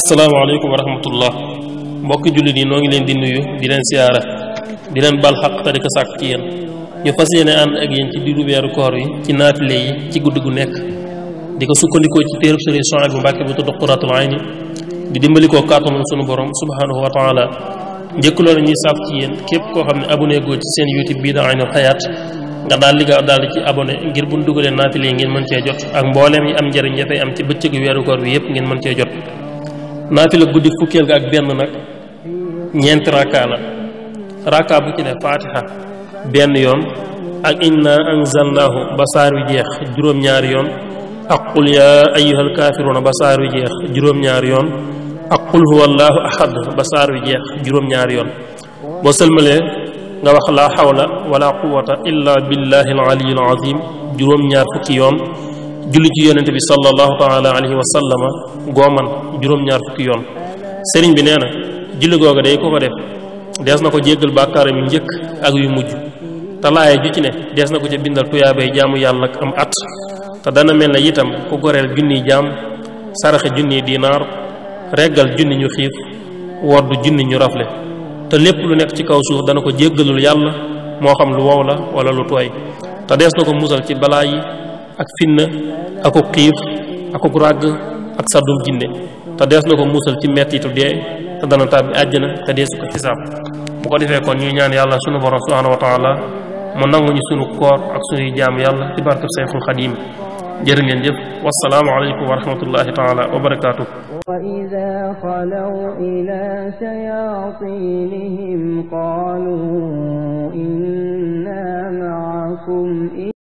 asalaamaaleykum wa rahmatullah mbokki jullit yi noo ngi leen di nuyu di leen siyaara di leen bal xaq te sàkk ci yéen ñu fas yéene ànd ak yéen ci diiru weeru koor yi ci naafile yi ci guddi gu nekk di ko sukkandikoo ci téereb sëriñ Suhaybu Mbàkke bu tudd Qurratul Ayni di dimbali koo kàttanul sunu borom subhaanahu wa njëkk loolu ñuy saaf ci yéen képp koo xam ne abonné goo ci seen youtube bii da Aynul Hayaat nga daal li gaaw daal ci abonné ngir buñ dugalee naafile yi ngeen mën cee jot ak mbooleem yi am njëriñ dafay am ci bëccëgu weeru koor bi yëpp ngeen mën cee jot naafila guddi fukkeel ga ak benn nag ñeenti rakka la rakka bu ci ne faatiha benn yoon ak inna anzalnaahu ba saar wi jeex juróom-ñaari yoon ak qul yaa ayyuhal ba saar wi juróom-ñaari yoon ak qul huwallaahu ahad ba saar wi jeex juróom-ñaari yoon boo sëlmalee nga wax laa xawla wala quwata illa billahi al aliyi juróom-ñaar fukki yoon julli ci yonente bi sallallahu taala wa sallama gooman juróom-ñaar fukki yoon sëriñ bi nee na julli googa day ko ko def dees na ko jéggal bàkkaaram yu njëkk ak yu mujj te laaye ju ci ne dees na ko ca bindal tuyaabay jaamu yàlla ak am at te dana mel ne itam ku goreel junniy jaam saraxe junniy dinaar reggal junni ñu xiif wodd junni ñu rafle te lépp lu nekk ci kaw suuf dana ko jéggalul yàlla moo xam lu wow la wala lu tooy te dees na ko musal ci balaa yi ak fitna aku xiif aku ràgg ak sàddum jinne te dees na ko musal ci mettitu dee te dana tàbbi na te deesu ko xisaab bu ko defee kon ñuy ñaan yàlla sunu borom subhaanahu wa taala mu nangu ñu sunu koor ak sunuy jaam yàlla ci barkeb Sayxul Xadiim جرنجن جب والسلام عليكم ورحمة الله تعالى وبركاته وإذا خلوا إلى شياطينهم قالوا